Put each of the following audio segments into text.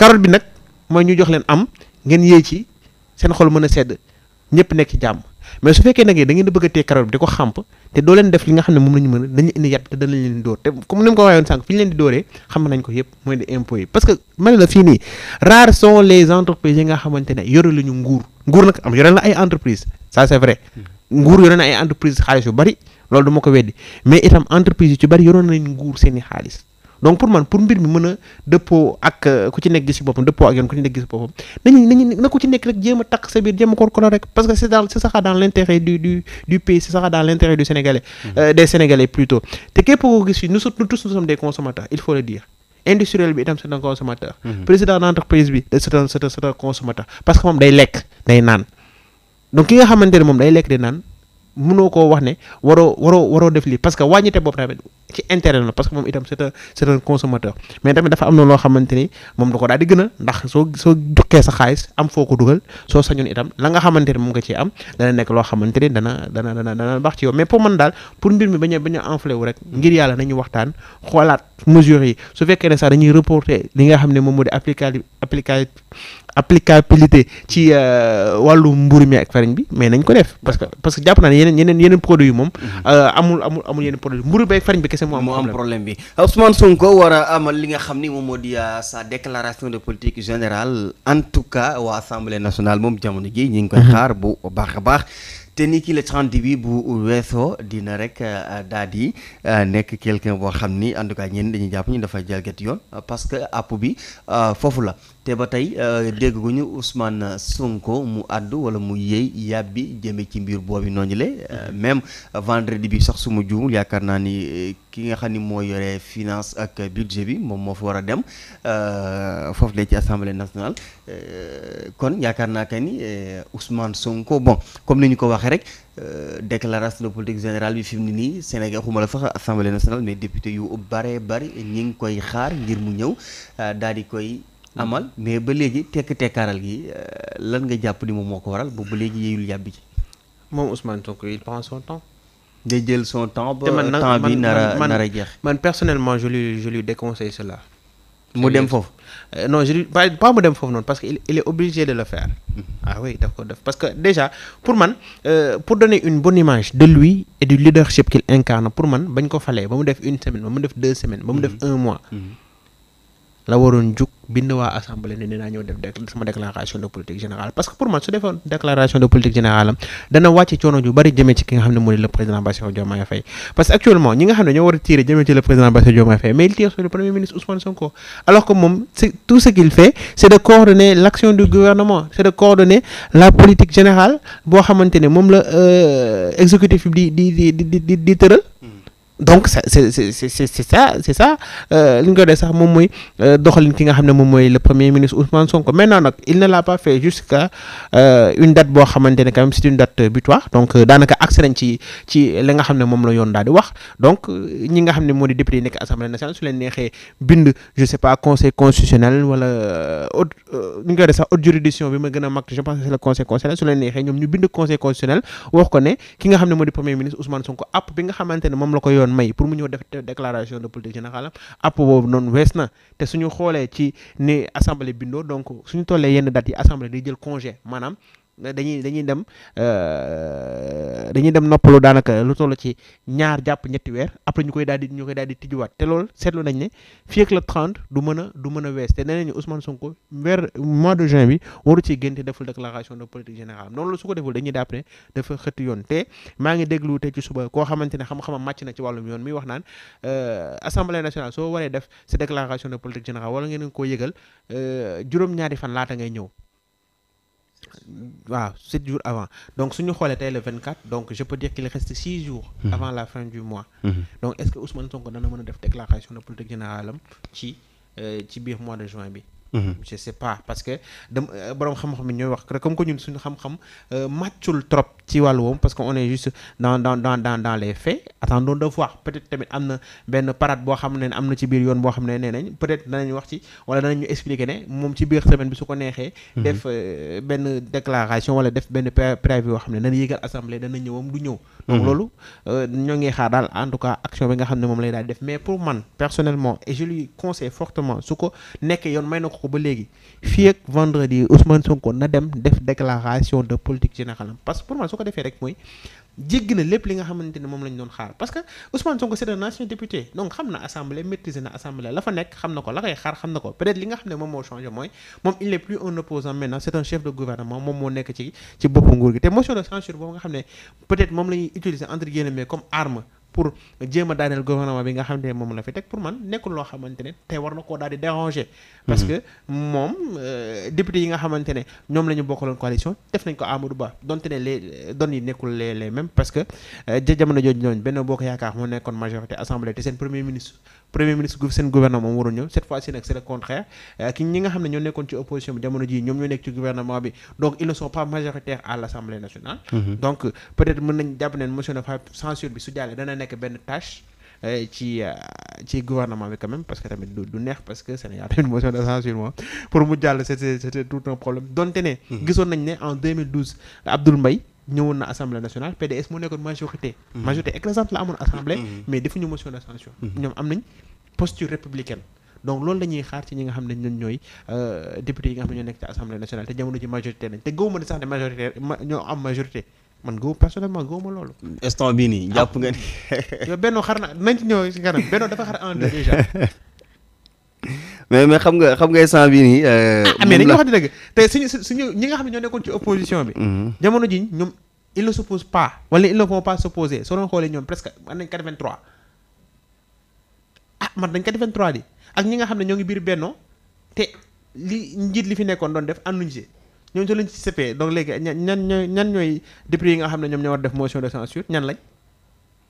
carotte bi nag mooy ñu jox leen am ngeen yéey ci seen xol mën a sedd ñëpp nekk ci jàmm mais su fekkee nag da ngeen di bëgg a téye carotte bi di ko xàmp te doo leen def li nga xam ne moom lañu mën a dañu indi yat te danañ leen dóor te comme ni mu ko waxee woon sànq fi ñu leen di dóoree xam nañ ko yëpp mooy di impôts parce que mane la fii nii rares sont les entreprises yi nga xamante ne yore la ñu nguur nguur nag am yore la ay entreprise ça c'est vrai nguur yore na ay entreprise xaalis yu bari loolu du ma ko mais itam entreprise yu ci bari yoroon nañ nguur seen i donc pour man pour mbir mi mën a dëppoo ak euh, ku ci nekk gis si boppam dëppoo ak yoon ku ci nekk gis si boppam nañu nañu na ku ci nekk rek jéem a takk sa biir jéem a rek parce que c'est dans c'est sax dans l'intérêt du pays c'est sax dans l'intérêt du sénégalais mmh. euh, des sénégalais plutôt te képp koo gis fi nous tous nous sommes des consommateurs il faut le dire industriel bi itam c'est un consommateur mmh. président d'entreprise bi euh, c'est un c'est un consommateur day lekk day naan donc ki nga xamante ne moom day lekk di naan mënoo koo wax ne waroo waroo waroo def lii parce que wàññite boobu tamit ci intérêt la parce que moom itam c'est un c'est un consommateur mais tamit dafa am na loo xamante ni moom da ko daal di gën a ndax soo soo dukkee sa xaalis am foo ko dugal soo sañoon itam la nga xamante ni moom nga ciy am dana nekk loo xamante ni dana dana dana dana baax ci yow mais pour man daal pour mbir mi bañ a bañ a enflé wu rek ngir yàlla nañu waxtaan xoolaat mesures yi su fekkee ne sax dañuy reporter li nga xam ne moom moo di applica applica applicabilité ci euh, wàllu mburu mi ak farine bi mais nañ ko def parce que parce que jàpp naa ne yeneen yeneen yeneen produit yi moom mhm. euh, amul amul amul yeneen produit mburu bi ak farine bi kese moo am moo am problème bi Ousmane Sonko war a amal li nga xam ni moom moo di euh, sa déclaration de politique générale en tout cas waa assemblée nationale moom jamono ji ñu ngi koy mhm. xaar bu baax a baax te ni ki le 30 bi bu weesoo dina rek daal di nekk quelqu'un boo xam ni en tout cas ñenn dañuy jàpp ñu dafa jalgati yoon parce que app bi foofu la te ba tey euh, dégguñu Ousmane Sonko mu àddu wala mu yéey yàbbi jëme ci mbir boobu noonu le euh, mhm. même vendredi bi sax suma ma yaakaar naa ni euh, ki nga xam ni moo yore finance ak budget bi moom moo fa war a dem foofu la ci assemblée nationale kon yaakaar naa que ni Ousmane Sonko bon comme ni ñu ko waxee rek déclaration de politique générale bi fi mu ne nii Sénégal xuma la sax assemblée nationale mais député yu bare bari ñu ngi koy xaar ngir mu ñëw daal di koy. amal mais ba léegi tekk tekkaaral gi euh, lan nga jàpp ni moom moo ko waral ba ba léegi yeyul yàbbi ci. moom Ousmane Sonko il prend son temps. day jël son temps ba temps bi nara nara jeex. man personnellement je lui je lui déconseille cela. mu dem foofu. Euh, non je lui pas pas mu dem foofu noonu parce que il, est obligé de le faire. Mm-hmm. ah daf ko def parce que déjà pour man euh, pour donner une bonne image de lui et du leadership qu'il incarne pour man bañ ko falee ba mu def une semaine ba mu def deux semaines. ba mu la waroon jug bind waa assemblée ne dinaa ñëw def sama déclaration de politique générale parce que pour man su defoon déclaration de politique générale dana wàcc coono ju bari jëmee ci ki nga xam ne moo di le président Bassirou Diomaye Faye parce que actuellement ñi nga xam ne ñoo war a tirer ci le président Bassirou Diomaye Faye mais il tire premier ministre Ousmane Sonko alors que moom tout ce qu'il fait c'est de coordonner l'action du gouvernement donc c'est c'est c'est ça c'est ça euh, li ñu ko dee sax moom mooy euh, doxalin ki nga xam ne moom mooy le premier ministre Ousmane Sonko maintenant nag il ne l'a pas fait jusqu'à euh, une date boo xamante ne quand même c'est une date butoir donc daanaka accès nañ ci ci li nga xam ne moom la yoon daal di wax donc ñi nga xam ne moo di député yi nekk assemblée nationale su leen neexee bind je sais pas conseil constitutionnel wala autre li ñu ko dee sax autre juridiction bi ma gën a mag je pense que c'est le conseil constitutionnel su leen neexee ñoom ñu bind conseil constitutionnel wax ko ne ki nga xam ne moo di premier ministre Ousmane Sonko app bi nga xamante ne moom la ko yoon Ousmane May pour mu ñëw def déclaration de politique générale app boobu noon wees na te suñu xoolee ci ni assemblée bindoo donc suñu tollee yenn date yi assemblée day jël congé maanaam dañuy dañuy dem euh, dañuy dem noppalu daanaka lu toll ci ñaar jàpp ñetti weer après ñu koy daal di ñu daal di tijjiwaat te loolu seetlu nañ ne fii ak le 30 du mën a du mën a wees te nee nañu Ousmane Sonko vers mois de juin bi waru ci génn deful déclaration de politique générale noonu la su ko deful dañuy dàpp ne dafa xëtt yoon te maa ngi déglu te ci suba koo xamante ne xam-xamam màcc na ci wàllum yoon mi wax naan euh, assemblée nationale soo waree def sa déclaration de politique générale wala ngeen ko yëgal euh, juróom-ñaari fan laata ngay ñëw waaw sept jours avant donc ñu xoolee tey le vingt quatre donc je peux dire qu'il reste six jours mhm. avant la fin du mois mhm. donc est-ce que Ousmane Sonko dana mën a def déclaration de politique générale am ci euh, ci biir mois de juin bi Mhm. je sais pas parce que dem euh, borom xam-xam yi ñooy wax comme que ñun suñu xam-xam euh, màccul trop ci wàllu woom parce que on est juste dans dans dans dans dans les faits attendons de voir tamit am na benn parade boo xam ne am na ci biir yoon boo xam ne nee nañ peut-être danañ wax ci wala danañ ñu expliquer ne moom ci biir semaine bi su ko neexee. Mhm. def euh, benn déclaration wala def benn préavis yoo xam ne dana yëgal assemblée dana ñëwam du ñëw. donc mhm. loolu ñoo ngi xaar xam ne moom lay daal def mais pour man personnellement ko ba léegi fii ak vendredi Ousmane Sonko na dem def déclaration de politique générale parce que pour man su ko defee rek mooy jéggi na lépp li nga xamante ne moom lañ doon xaar parce que Ousmane Sonko c'est un ancien député donc xam na assemblée maîtrisé na assemblée la fa nekk xam na ko la koy xaar xam na ko peut li nga xam ne moom moo changé mooy moom il n'est plus un opposant maintenant c'est un chef de gouvernement moom moo nekk ci ci boppu pour jéem a daaneel gouvernement bi nga xamante ne moom la fi teg pour man nekkul loo xamante ne tey war na koo daal di déranger. parce que moom euh, député yi nga xamante ne ñoom la ñu bokkaloon coalition def nañ ko Amadou Ba donte ne les euh, données yi nekkul les les mêmes parce que euh, ja jamono jooju ñooñu benn boo ko yaakaar moo nekkoon majorité assemblée te seen premier ministre. premier ministre seen gouvernement moom warul ñëw cette fois ci nag c'est contraire euh, ki ñi nga xam ne ñoo nekkoon ci opposition bi jamono ji ñoom ñoo nekk ci gouvernement bi donc ils ne sont pas majoritaires à l'Assemblée nationale mm-hmm. donc peut-être mën nañ jàpp ne motion de censure bi su jàllee dana nekk benn tâche euh, euh, ci gouvernement bi quand parce que tamit du du neex parce que Sénégal tamit motion de censure moom pour mu jàll c'était c'était tout un mm-hmm. en 2012 Abdoul Mbaye ñëwoon na assemblée nationale PDS moo nekkoon majorité. Mhm. majorité écrasante la amoon assemblée. Mhm. mais defuñu motion de censure. Mhm. ñoom am nañ posture républicaine. donc loolu la xaar ci ñi nga xam ne ñun ñooy euh, député yi nga xam ne ñoo nekk ci assemblée nationale te jamono ji majorité nañ te gëwuma ne sax ne majorité ñoo am majorité man gëw personnellement gëwuma loolu. instant bii nii jàpp nga ni. Ah. yow xar na nañ ci ñëw si dafa xar en deux déjà. mais mais xam nga xam nga instant bii nii. Euh, ah mais dañuy wax dëgg tey suñu suñu ñi nga xam ne ñoo nekkoon ci opposition bi. Mhm. jamono ji ñoom ils ne s'opposent pas wala ils ne vont pas s'opposer soo doon xoolee ñoom presque man nañ 83. ah man dañ 83 di ak ñi nga xam ne ñoo ngi biir Benno te li njiit li fi nekkoon doon def ànduñ si ñoom soo leen ci CP donc léegi ñan ñan ñooy ñan ñooy député yi nga xam ne ñoom ñoo war def motion de censure ñan lañ.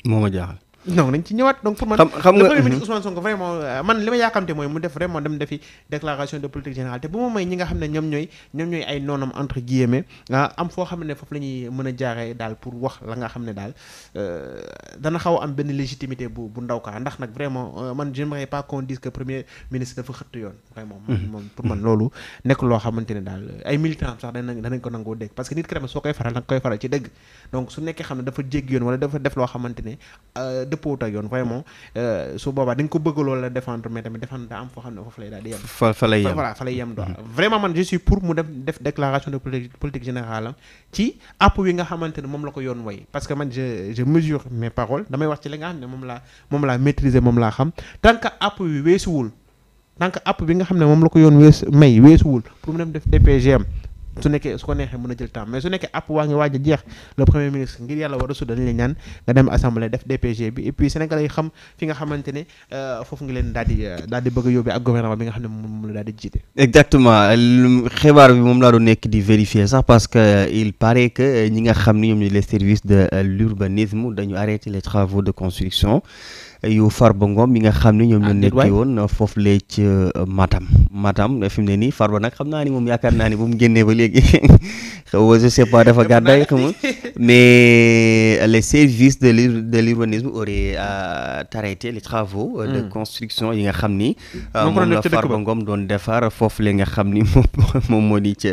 moo ma jaaxal. non nañ ci ñëwaat donc pour man. xam nga le premier ministre mhm. Ousmane Sonko vraiment euh, man li ma yaakamte mooy mu def vraiment dem defi déclaration de politique générale te bu mu may ñi nga xam ne ñoom ñooy ay noonam entre guillemets am foo xam ne foofu la ñuy mën a jaaree daal pour wax la nga xam ne daal euh, dana xaw am benn légitimité bu bu ndaw kaa ndax nag vraiment euh, man j'aimerais pas qu'on dise que premier ministre dafa xëtt yoon mhm. pour man mhm. loolu nekk loo xamante ne daal ay militants sax danañ danañ ko nangoo dégg parce que nit ki nekkee xam dafa jéggi yoon wala dafa loo xamante ne dëppoowut ak yoon vraiment euh, su boobaa di ko bëgg loolu la défendre mais tamit défendre daa am foo xam ne foofu lay daal di yem. lay yem voilà mhm. vraiment man je suis pour mu def def déclaration de politique générale ci app wi nga xamante ne moom la ko yoon way parce que man je je mesure mes paroles damay wax ci li nga xam ne moom laa moom laa maîtriser moom laa xam tant que app wi weesuwul tant que app bi nga xam ne moom la ko yoon wees may weesuwul pour mu dem def DPGM su nekkee su ko neexee mën a jël temps mais su nekkee app waa ngi waaj a jeex le premier ministre ngir yàlla war a sudan la ñaan nga dem assemblée def DPG bi et puis sénégalais yi xam fi nga xamante ne euh, foofu ngi leen daal di euh, daal di bëgg a yóbbee ak gouvernement bi nga xam ne moom la daal di jiite exactement xibaar bi moom laa doon nekk di vérifier sax parce que euh, il paraît que ñi nga xam ni ñoom ñi les services de l'urbanisme dañu arrêté les travaux de construction yu Farba Ngom mi nga xam ne ñoom ñoo nekk woon uh, foofu lee ci uh, Matam Matam uh, fi mu ne nii Farba nag xam naa ni moom yaakaar naa ni bu mu génnee ba léegi xaw ma je sais pas dafa gàddaay xam nga mais les services de l' de l'urbanisme auraient arrêté les travaux de hmm. construction yi nga xam ni moom la Farba Ngom doon defar foofu lee nga xam ni moom moom moo di ca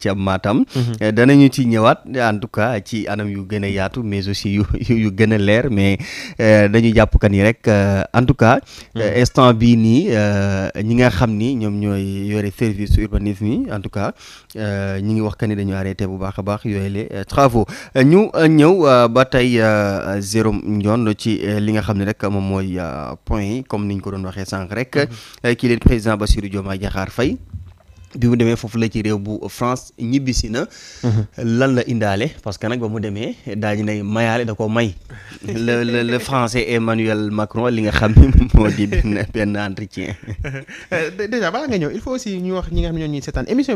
ca Matam hmm. danañu ci ñëwaat en tout cas ci anam yu gën a yaatu mais aussi yu yu gën a leer mais dañu jàpp kan yi rek euh, en tout cas. Hmm. Euh, instant bii nii euh, ñi nga xam ni ñoom ñooy yore service urbanisme yi en tout cas ñi ngi wax que ni dañu arrêté bu baax a baax yooyu le travaux ñu ñëw ba tey Jérôme Ndione ci li nga xam ne rek moom mooy point yi comme niñ ko doon waxee sànq rek. Hmm. kii leen ba Bassirou Diomaye Diakhar fay bi mu demee foofu la ci réew bu France ñibbisi na. Mhm. lan la indaale parce que nag ba mu demee daañu ne mayaale da may. le le français Emmanuel Macron li nga xam ne moo di benn entretien. Euh, déjà balaa émission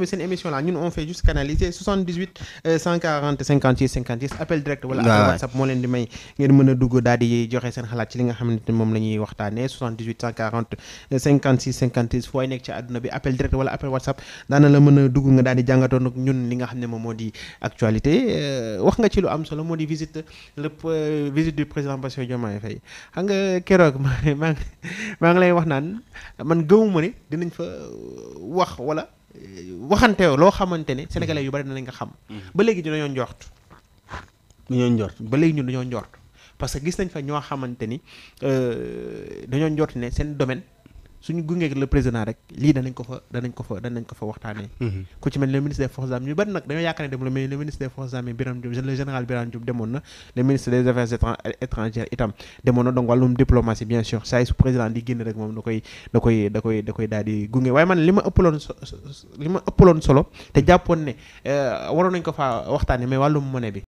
bi seen émission la ñun on fait juste canaliser 78 140 56 56 appel direct. wala appel WhatsApp moo leen di may ngeen mën a dugg daal di joxe seen xalaat ci li nga xamante ne moom la ñuy waxtaanee 78 140 56 56 fooy daana la mën a dugg nga daal di jàngatoon ak ñun li nga xam ne moom moo di actualité euh, wax nga ci lu am solo moo di visite le euh, visite du président Bassirou Diomaye Faye xam nga keroog maa maa ngi lay wax naan man gëmuma ne dinañ fa euh, wax wala waxante loo xamante ne sénégalais yu bari dinañ nga xam. Mm-hmm. ba léegi dañoo njort. dañoo njort ba léegi ñun dañoo njort parce que gis nañ fa ñoo xamante ni dañoo njort ne seen domaine. suñu gungeeg le président rek lii danañ ko fa danañ ko fa danañ ko fa waxtaanee mhm. ku ci mel le ministre des forces armées ñu ne dem la mais le ministre des forces armées Birame Diop le général Birame Diop demoon na le ministre des affaires étrangères itam demoon na donc wàllum diplomatie bien sûr saa yi su président di génn rek moom da koy da koy da koy da koy daal di gunge waaye man li ma ëppaloon li ma ëppaloon solo te jàppoon ne euh, waroon nañ ko faa waxtaan mais wàllum monnaie bi